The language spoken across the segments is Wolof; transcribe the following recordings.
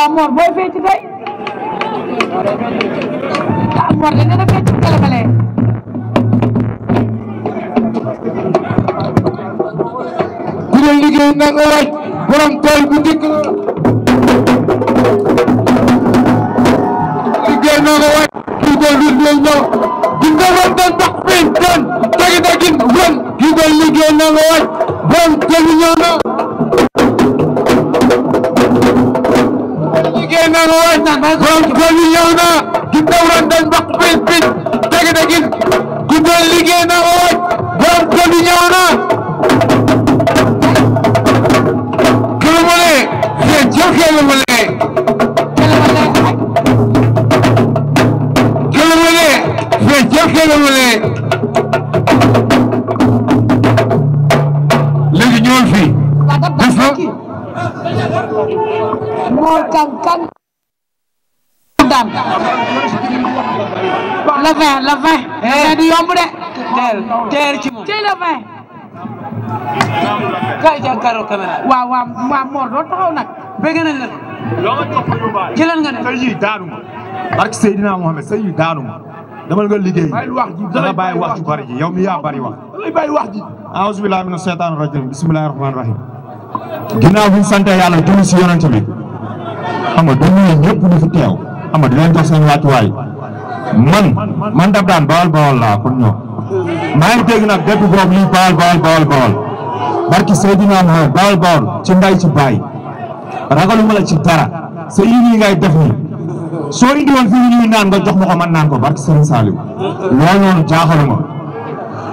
amor booy fecc tey amor da nga fecc kala ñëw na nga waaj borom tool bu dikk la liggéey na nga waaj Hugo Louga ñëw dinga ron doon dox fii doon tegi dagin ron Hugo liggéey na nga waaj borom tool bi ñëw na liggéey na nga waaj borom tool bi ñëw na dinga ron doon dox fii fii tegi dagin Hugo liggéey na nga waaj borom tool bi ñëw na dafa Mor Kang Kang daan le vingt le vingt eh. le du yomb de teel teel ci moom ci le vingt kay jàkkaarloo caméra waaw waaw waaw Mor taxaw nag bëgg nañ la ci lan ne sëy yi daanuma Seydina Mohamed sëy yi daanuma dama nga liggéey dana bàyyi wax ju bari ji yow mi yaa bari wax bàyyi wax ji a'uuzu billaahi mina shaytaani rajiim bismillaahi rahmaani rahiim ginnaaw bi ñu sant yàlla julli si yonent bi xam nga du nuyu ñëpp ñu fi teew xam nga di leen jox seen wàccuwaay man man dab daan bawal bawal laa kon ñoom maa ngi dégg nag dëkk boobu lii bawal bawal bawal bawal barki Seydina Muhammad bawal bawal ci nday ci baay ragaluma la ci dara sa yi nii ngay def nii soo indi woon fii ñuy naan nga jox ma ko man naan ko barki Serigne Saliou loolu noonu jaaxaluma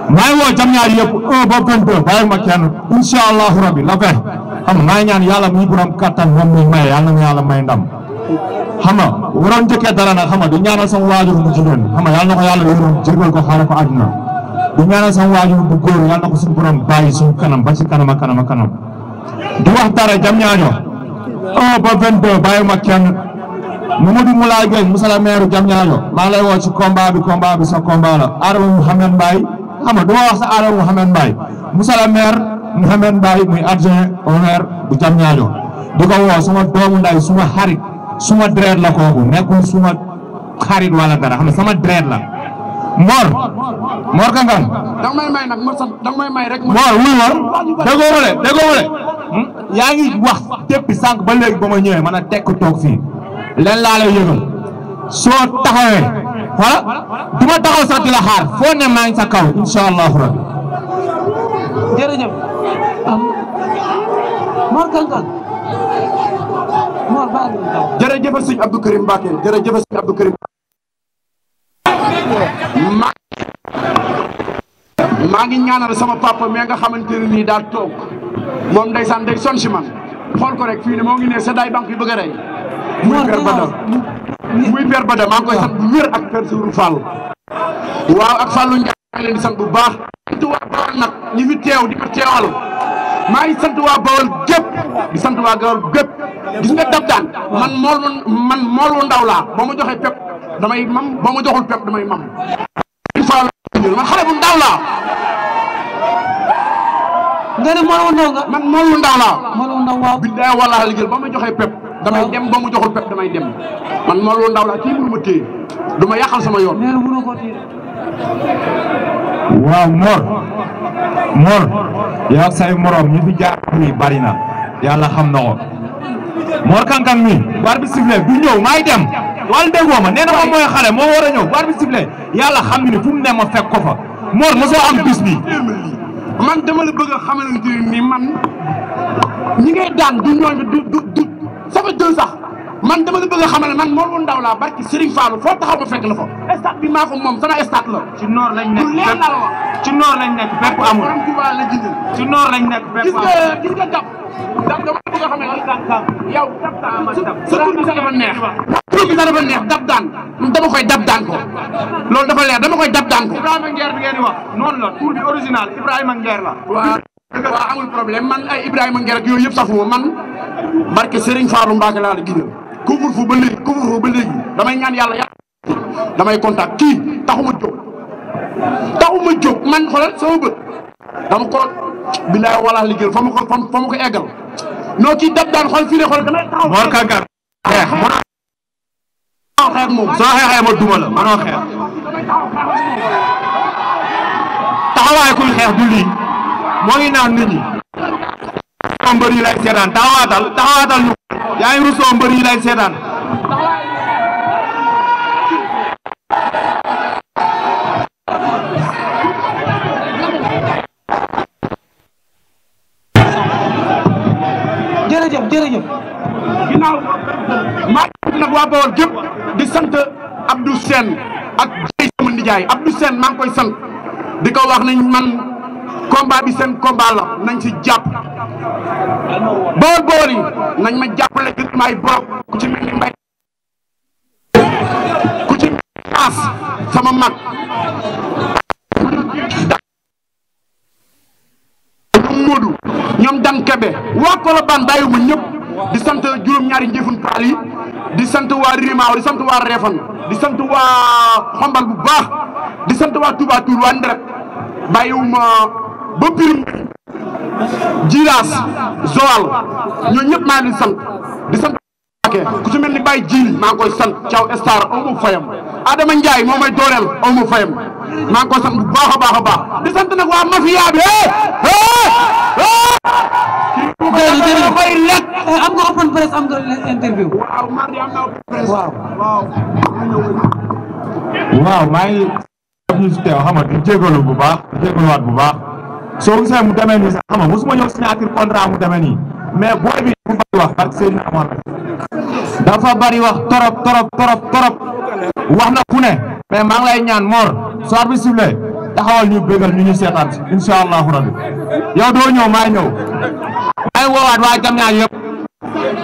maa ngi woo jam ñaar yëpp un ba vingt deux bàyyi ma kenn incha allahu la fexe xam ñaan yàlla muy borom kattan moom muy maye yàlla na yàlla may ndam xam nga waroon njëkkee dara nag xam nga di ñaanal sama waajur mu jigéen xam nga yàlla na ko yàlla yërëm jégal ko xaare ko àdduna di ñaanal waajur bu góor na ko suñu borom bàyyi kanam ba ci kanam ak kanam ak kanam di wax dara jam ñaaño un ba vingt deux bàyyi ma kenn Mamadou Moulaye Gueye monsieur le maire jam ñaaño maa lay woo ci combat xam nga du ma wax sa Adama Mouhamed Mbaye Moussa la maire Mouhamed Mbaye muy adjoint au bu Diamniadio di ko woo suma doomu nday suma xarit suma deret la kooku nekkul suma xarit wala dara xam sama deret la Mor Mor Kankan dang may may nag ma déggoo ma le déggoo ma le hmm? yaa ngi wax depuis sànq ba léegi ba ma ñëwee man a tekk toog fii leen laa lay soo taxawee voilà du ma taxaw sax di xaar foo ne maa ngi sa kaw incha allahu rabbi jërëjëf Mor Kankan Mor bàyyi jërëjëf sëñ Abdou Karim Mbacké maa ngi ñaanal sama papa mais nga xamante ne nii daal toog moom ndeysaan day si man xool ko rek fii ni moo ngi ne sa daay banque yi bëgg a rey muy muy Père Bada maa ngi koy sant bu wér ak Père Sourou Fall. waaw ak Fallou Ndiaye maa ngi di sant bu baax. sant waa Bawol nag ñi fi di maa ngi sant waa Bawol gépp di sant waa Bawol gépp gis nga dab daan man mool man moolu ndaw laa boo ma joxee pep damay mam ma joxul pep damay mam. man xale bu ndaw laa. ma joxee pep. damay dem boo ma joxul pep damay dem man ma loolu ndaw laa kii mënu ma téye du ma yàqal sama yoon. waaw Mor Mor yaa say morom ñu fi jaar nii bari na yàlla xam na ko Mor Kang-Kang mi war bi sifflé du ñëw maay dem wala déggoo ma nee na moom mooy xale moo war a ñëw war bi sifflé yàlla xam ni fu mu ne ma fekk ko fa Mor mosoo am bis bi. man dama la bëgg a xamalante ni man ñi ngay daan du ñooñu du du. ça fait deux man dama la bëgg a xamal man Mor Wu Ndaw laa barki Serigne Fallou foo taxaw ma fekk la fa stade bi maa ko moom sama stade la. ci noor lañ nekk léegi la la wax. ci noor lañ nekk bépp amul borom Touba la jëndee. ci noor lañ nekk bépp amul gis nga gis nga gab. gab dama bëgg a xamal ne yow neex. dab daan dama koy dab daan ko loolu dafa leer dama koy dab daan ko. Ibrahima Nguer bi ngeen wax la tur bi original la. waaw amul problème man ay Ibrahima Ngere yooyu yëpp safuma man barke Serigne Fallou Mbacké laa la gënal couvre-feu ba léegi couvre-feu ba léegi damay ñaan yàlla yàlla damay contact kii taxuma jóg taxuma jóg man xoolal sama bët dama ko bilaay wala liggéey fa ma ko eggal noo kii dab daan xool fii ne xool damay taxaw xeex moom soo xeexee ma duma la mënoo xeex taxawaay kuy xeex du lii mooy naan nit ñi. yaa ngi mbër yi lay seetaan taxawaatal taxawaatal ñu. yaa ngi mbër yi lay seetaan. jërëjëf jërëjëf. maa nag waa Bawol gépp di sant Abdou Sène ak Ndiaye sama nijaay Abdou Sène maa ngi koy sant di ko wax ne man. combat bi seen combat la nañ ci jàpp boor boor yi nañ ma jàppale gën may borom ku ci mel ni mbay ku ci aas sama mag ñoom Modou ñoom Dan Kebe waa Colobane bàyyiwuma ñëpp di sant juróom-ñaari njëfun paal yi di sant waa Rimaaw di sant waa Refan di sant waa Xombal bu baax di sant waa Touba Tour waa Ndereb bàyyiwuma ba birim jiiraas Joal ñooñu ñëpp maa sant di sant ku ci mel ni Baye Djil maa ngi sant Thiaw Star aw ma fayam Adama Ndiaye moom mooy dooleel aw fayam maa ngi sant bu baax a baax a di sant nag waa mafia bi eh eh am nga open press maa ngi bu baax di jégaluwaat bu baax. soo gisee mu demee nii sax xam nga mosuma ñëw signature contrat mu demee nii mais booy bi dafa bari wax dafa bari wax torop torop torop torop wax na ku ne mais maa ngi ñaan Mor soir bi sifflé taxawal ñu bégal ñu ñu seetaan si incha allahu rabbi yow doo ñëw maay ñëw maay woowaat waa jam ñaan yëpp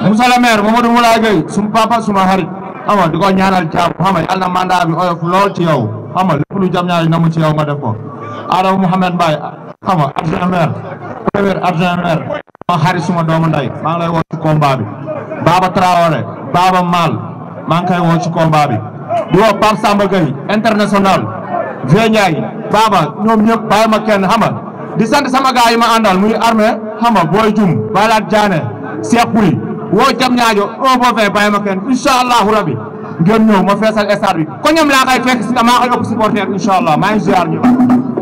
monsieur le maire Mamadou Moulaye Gueye suma papa suma xarit xam nga di ko ñaanal jàmm xam nga yàlla na mandat bi oyof lool ci yow xam nga lépp lu jam ñaan yi na mu ci yaw nga def Adama Mouhamed Mbaye xam nga adjoint premier adjoint maire ma suma doomu maa ngi lay woo ci combat bi Baba Traoré maa ngi koy woo ci di woo Pape Samba Gueye international Vieux ñoom ñëpp bàyyi ma kenn xam di sant sama gars yi ma àndal muy armée xam booy jum baylaat jaane Cheikh Pouy woo jam ñaajo un ba vingt bàyyi ma kenn incha allahu rabi ngeen ñëw ma feesal stade bi ko ñoom laa koy fekk si maa koy ëpp supporter incha allah